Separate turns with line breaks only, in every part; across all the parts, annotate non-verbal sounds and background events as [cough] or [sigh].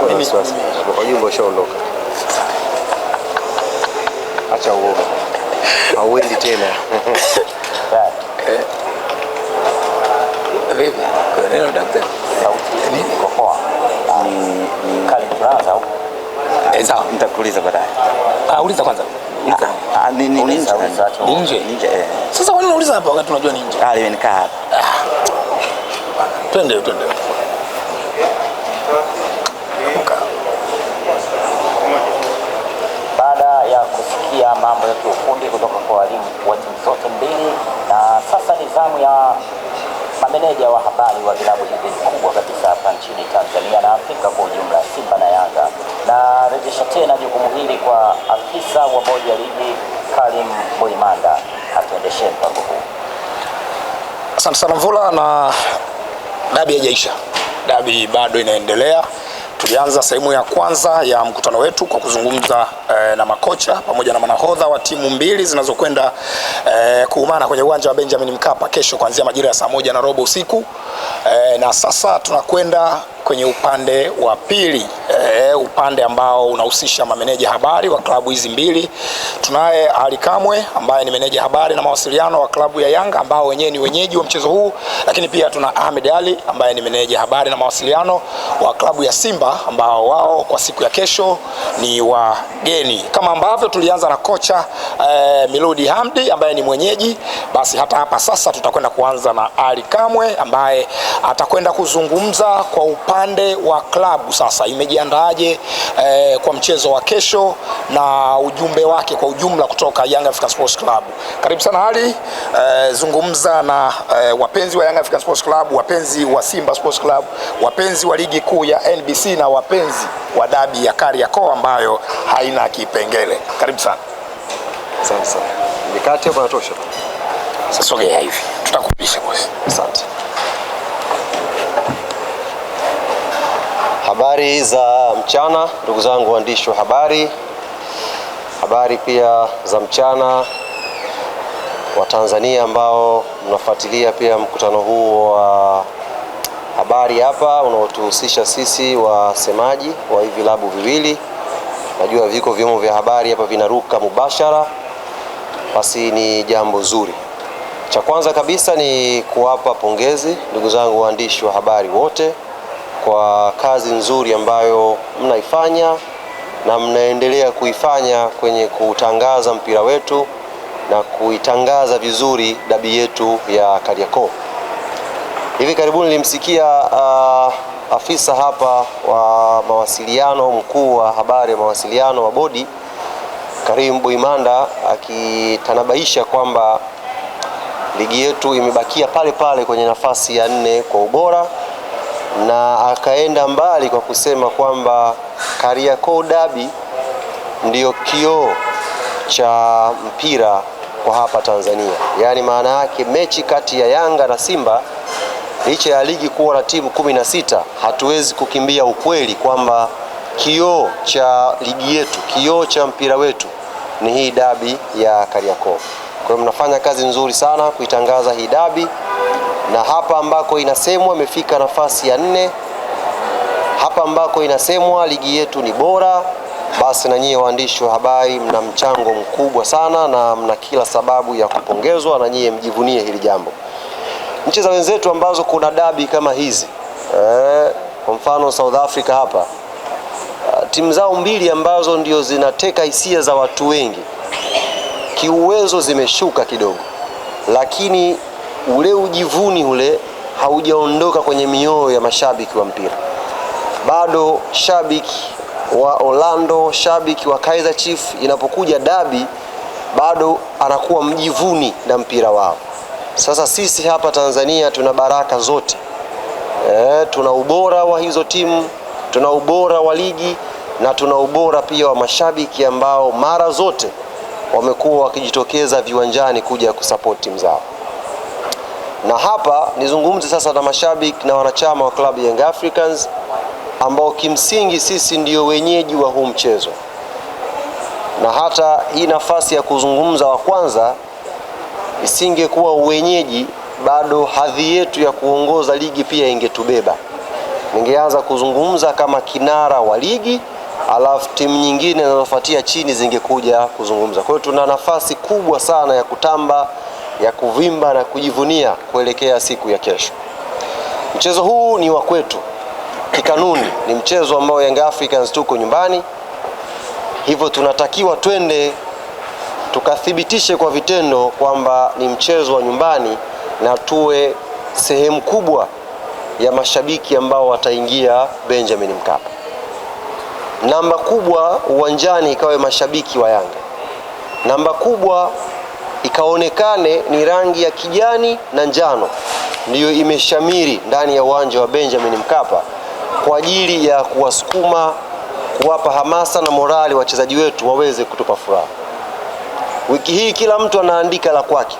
ameniuliza. Wajumbe washaondoka, acha uoga, hauendi tena. [laughs] Eh,
ah, eh,
nitakuuliza baadaye.
Ah, uliza kwanza. Sasa kwa nini unauliza hapa wakati unajua ni nje?
Ah, limekaa hapa.
Ah, twende, twende.
zamu ya mameneja wa habari wa vilabu hivi vikubwa kabisa hapa nchini Tanzania na Afrika kwa ujumla, Simba na Yanga. Narejesha tena jukumu hili kwa afisa wa bodi ya ligi Karim Boimanda, atuendeshe mpango huu.
Asante sana Mvula, na dabi haijaisha, dabi bado inaendelea. Tulianza sehemu ya kwanza ya mkutano wetu kwa kuzungumza eh, na makocha pamoja na manahodha wa timu mbili zinazokwenda eh, kuumana kwenye uwanja wa Benjamin Mkapa kesho kuanzia majira ya saa moja na robo usiku eh, na sasa tunakwenda kwenye upande wa pili e, upande ambao unahusisha mameneja habari wa klabu hizi mbili. Tunaye Ali Kamwe ambaye ni meneja habari na mawasiliano wa klabu ya Yanga ambao wenyewe ni wenyeji wa mchezo huu, lakini pia tuna Ahmed Ali ambaye ni meneja habari na mawasiliano wa klabu ya Simba ambao wao kwa siku ya kesho ni wageni. Kama ambavyo tulianza na kocha e, Miludi Hamdi ambaye ni mwenyeji, basi hata hapa sasa tutakwenda kuanza na Ali Kamwe ambaye atakwenda kuzungumza kwa upande upande wa klabu sasa imejiandaaje eh, kwa mchezo wa kesho na ujumbe wake kwa ujumla kutoka Young African Sports Club. Karibu sana Ali, eh, zungumza na eh, wapenzi wa Young African Sports Club, wapenzi wa Simba Sports Club, wapenzi wa ligi kuu ya NBC na wapenzi wa dabi ya Kariakoo ambayo haina kipengele. Karibu sana.
Asante sana. Mikate bwana tosha.
Sasa sogea hivi. Tutakupisha bosi.
Asante. Habari za mchana, ndugu zangu waandishi wa habari. Habari pia za mchana wa Tanzania ambao mnafuatilia pia mkutano huu wa habari hapa unaotuhusisha sisi wasemaji wa hivi vilabu viwili. Najua viko vyombo vya habari hapa vinaruka mubashara, basi ni jambo zuri. Cha kwanza kabisa ni kuwapa pongezi ndugu zangu waandishi wa habari wote kwa kazi nzuri ambayo mnaifanya na mnaendelea kuifanya kwenye kutangaza mpira wetu na kuitangaza vizuri dabi yetu ya Kariakoo. Hivi karibuni nilimsikia uh, afisa hapa wa mawasiliano, mkuu wa habari ya mawasiliano wa bodi Karim Buimanda akitanabaisha kwamba ligi yetu imebakia pale pale kwenye nafasi ya nne kwa ubora na akaenda mbali kwa kusema kwamba Kariakoo Dabi ndiyo kioo cha mpira kwa hapa Tanzania. Yaani maana yake mechi kati ya Yanga na Simba licha ya ligi kuwa na timu kumi na sita hatuwezi kukimbia ukweli kwamba kioo cha ligi yetu, kioo cha mpira wetu ni hii dabi ya Kariakoo. Kwa hiyo mnafanya kazi nzuri sana kuitangaza hii dabi na hapa ambako inasemwa imefika nafasi ya nne. Hapa ambako inasemwa ligi yetu ni bora, basi na nyie waandishi wa habari mna mchango mkubwa sana na mna kila sababu ya kupongezwa, na nyie mjivunie hili jambo. Nchi za wenzetu ambazo kuna dabi kama hizi eh, kwa mfano South Africa hapa eh, timu zao mbili ambazo ndio zinateka hisia za watu wengi kiuwezo zimeshuka kidogo, lakini ule ujivuni ule haujaondoka kwenye mioyo ya mashabiki wa mpira. Bado shabiki wa Orlando, shabiki wa Kaizer Chiefs, inapokuja dabi bado anakuwa mjivuni na mpira wao. Sasa sisi hapa Tanzania tuna baraka zote e, tuna ubora wa hizo timu, tuna ubora wa ligi na tuna ubora pia wa mashabiki ambao mara zote wamekuwa wakijitokeza viwanjani kuja kusapoti timu zao. Na hapa nizungumze sasa na mashabiki na wanachama wa klabu Young Africans ambao kimsingi sisi ndiyo wenyeji wa huu mchezo, na hata hii nafasi ya kuzungumza wa kwanza isingekuwa uwenyeji, bado hadhi yetu ya kuongoza ligi pia ingetubeba. Ningeanza kuzungumza kama kinara wa ligi, alafu timu nyingine zinazofuatia chini zingekuja kuzungumza. Kwa hiyo tuna nafasi kubwa sana ya kutamba ya kuvimba na kujivunia kuelekea siku ya kesho. Mchezo huu ni wa kwetu kikanuni, ni mchezo ambao Young Africans tuko nyumbani, hivyo tunatakiwa twende tukathibitishe kwa vitendo kwamba ni mchezo wa nyumbani na tuwe sehemu kubwa ya mashabiki ambao wataingia Benjamin Mkapa. Namba kubwa uwanjani ikawe mashabiki wa Yanga. Namba kubwa ikaonekane ni rangi ya kijani na njano ndiyo imeshamiri ndani ya uwanja wa Benjamin Mkapa kwa ajili ya kuwasukuma, kuwapa hamasa na morali wachezaji wetu waweze kutupa furaha. Wiki hii kila mtu anaandika la kwake,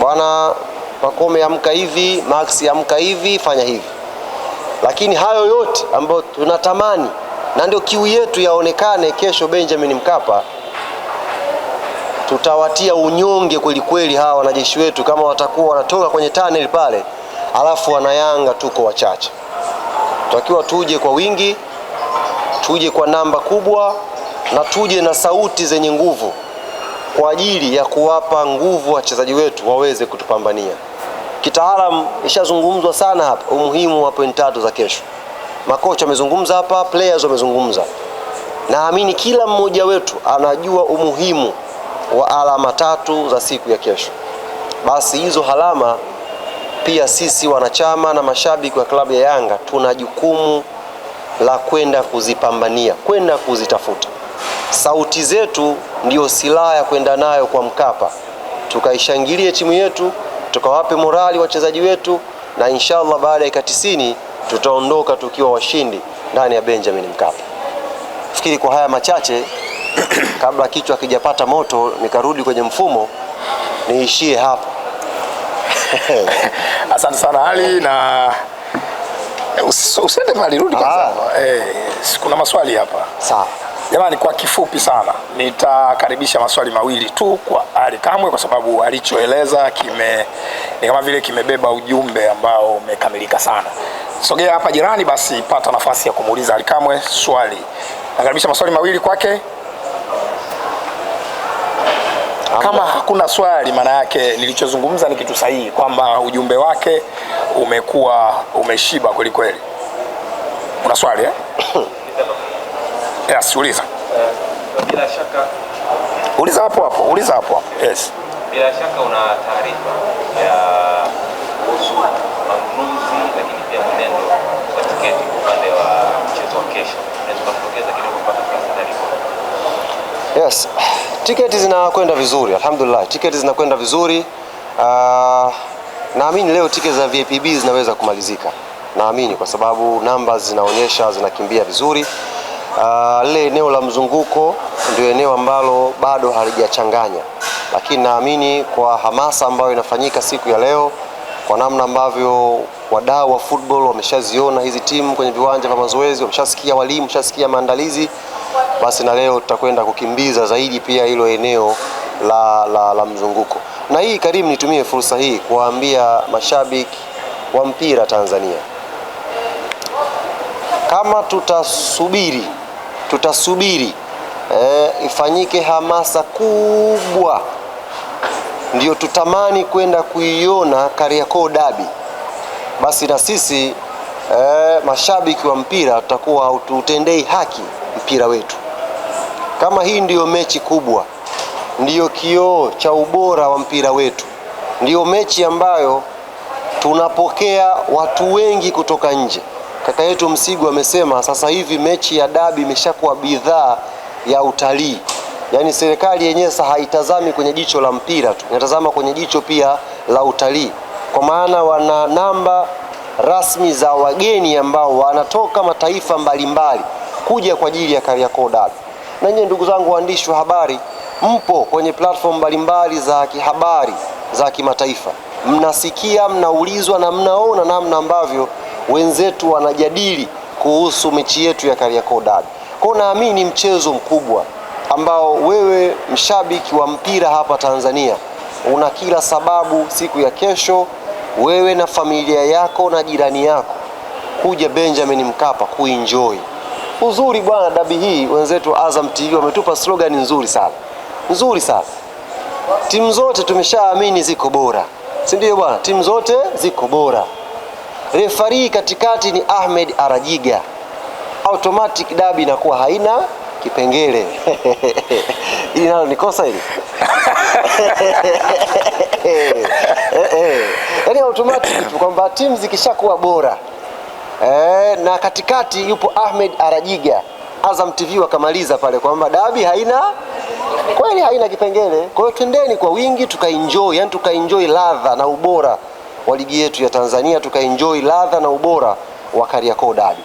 bwana Pakome amka hivi, Max amka hivi, fanya hivi. Lakini hayo yote ambayo tunatamani na ndio kiu yetu yaonekane kesho Benjamin Mkapa tutawatia unyonge kweli kweli hawa wanajeshi wetu, kama watakuwa wanatoka kwenye tunnel pale, alafu wanayanga tuko wachache. Tutakiwa tuje kwa wingi, tuje kwa namba kubwa, na tuje na sauti zenye nguvu kwa ajili ya kuwapa nguvu wachezaji wetu waweze kutupambania kitaalam. Ishazungumzwa sana hapa umuhimu wa point tatu za kesho. Makocha wamezungumza hapa, players wamezungumza. Naamini kila mmoja wetu anajua umuhimu wa alama tatu za siku ya kesho. Basi hizo alama pia sisi wanachama na mashabiki wa klabu ya Yanga tuna jukumu la kwenda kuzipambania, kwenda kuzitafuta. Sauti zetu ndiyo silaha ya kwenda nayo kwa Mkapa, tukaishangilie timu yetu, tukawape morali wachezaji wetu, na inshallah baada ya dakika tisini tutaondoka tukiwa washindi ndani ya Benjamin Mkapa. Fikiri kwa haya machache [clears throat] kabla kichwa kijapata moto nikarudi kwenye mfumo, niishie hapo.
[laughs] Asante sana Ali na usiende mbali, rudi kwanza. Ah. Eh, kuna maswali hapa. Sawa. Jamani, kwa kifupi sana nitakaribisha maswali mawili tu kwa Ali Kamwe kwa sababu alichoeleza kime ni kama vile kimebeba ujumbe ambao umekamilika sana. Sogea hapa jirani, basi pata nafasi ya kumuuliza Ali Kamwe swali. Nakaribisha maswali mawili kwake. Kama hakuna swali, maana yake nilichozungumza ni kitu sahihi, kwamba ujumbe wake umekuwa umeshiba kweli kweli. Una swali eh? [coughs] Yes, uliza. Eh, bila shaka uliza hapo hapo, uliza hapo hapo. Yes.
Bila shaka una taarifa ya kuhusu manunuzi lakini pia mwenendo wa tiketi upande wa mchezo wa kesho. kidogo taarifa?
Yes. Tiketi zinakwenda vizuri, alhamdulillah, tiketi zinakwenda vizuri. Uh, naamini leo tiketi za VIPB zinaweza kumalizika, naamini kwa sababu namba zinaonyesha zinakimbia vizuri. Ah, lile uh, eneo la mzunguko ndio eneo ambalo bado halijachanganya, lakini naamini kwa hamasa ambayo inafanyika siku ya leo, kwa namna ambavyo wadau wa football wameshaziona hizi timu kwenye viwanja vya mazoezi, wameshasikia walimu, wameshasikia maandalizi basi na leo tutakwenda kukimbiza zaidi pia hilo eneo la, la, la mzunguko. Na hii Karim, nitumie fursa hii kuwaambia mashabiki wa mpira Tanzania, kama tutasubiri tutasubiri eh, ifanyike hamasa kubwa ndiyo tutamani kwenda kuiona Kariakoo Dabi, basi na sisi eh, mashabiki wa mpira tutakuwa hatutendei haki mpira wetu. Kama hii ndiyo mechi kubwa, ndiyo kioo cha ubora wa mpira wetu, ndiyo mechi ambayo tunapokea watu wengi kutoka nje. Kaka yetu Msigu amesema sasa hivi mechi ya dabi imeshakuwa bidhaa ya utalii, yaani serikali yenyewe sasa haitazami kwenye jicho la mpira tu, inatazama kwenye jicho pia la utalii, kwa maana wana namba rasmi za wageni ambao wanatoka mataifa mbalimbali kuja kwa ajili ya Kariakoo dabi na nyinyi ndugu zangu waandishi wa habari, mpo kwenye platform mbalimbali za kihabari za kimataifa, mnasikia, mnaulizwa na mnaona namna ambavyo wenzetu wanajadili kuhusu mechi yetu ya Kariakoo Derby. Kwa naamini mchezo mkubwa ambao wewe mshabiki wa mpira hapa Tanzania una kila sababu siku ya kesho, wewe na familia yako na jirani yako kuja Benjamin Mkapa kuenjoy uzuri bwana, dabi hii wenzetu Azam TV wametupa slogan nzuri sana nzuri sana. Timu zote tumeshaamini ziko bora, si ndio bwana? Timu zote ziko bora. Refari katikati ni Ahmed Arajiga, automatic dabi inakuwa haina kipengele [laughs] ili nalo ni kosa hili [laughs] eh, eh, eh, yaani automatic tu kwamba timu zikishakuwa bora e, na katikati yupo Ahmed Arajiga Azam TV wakamaliza pale kwamba dabi haina kweli, haina kipengele. Kwa hiyo twendeni kwa wingi tukaenjoy, yani tukaenjoy ladha na ubora wa ligi yetu ya Tanzania, tukaenjoy ladha na ubora wa Kariakoo dabi.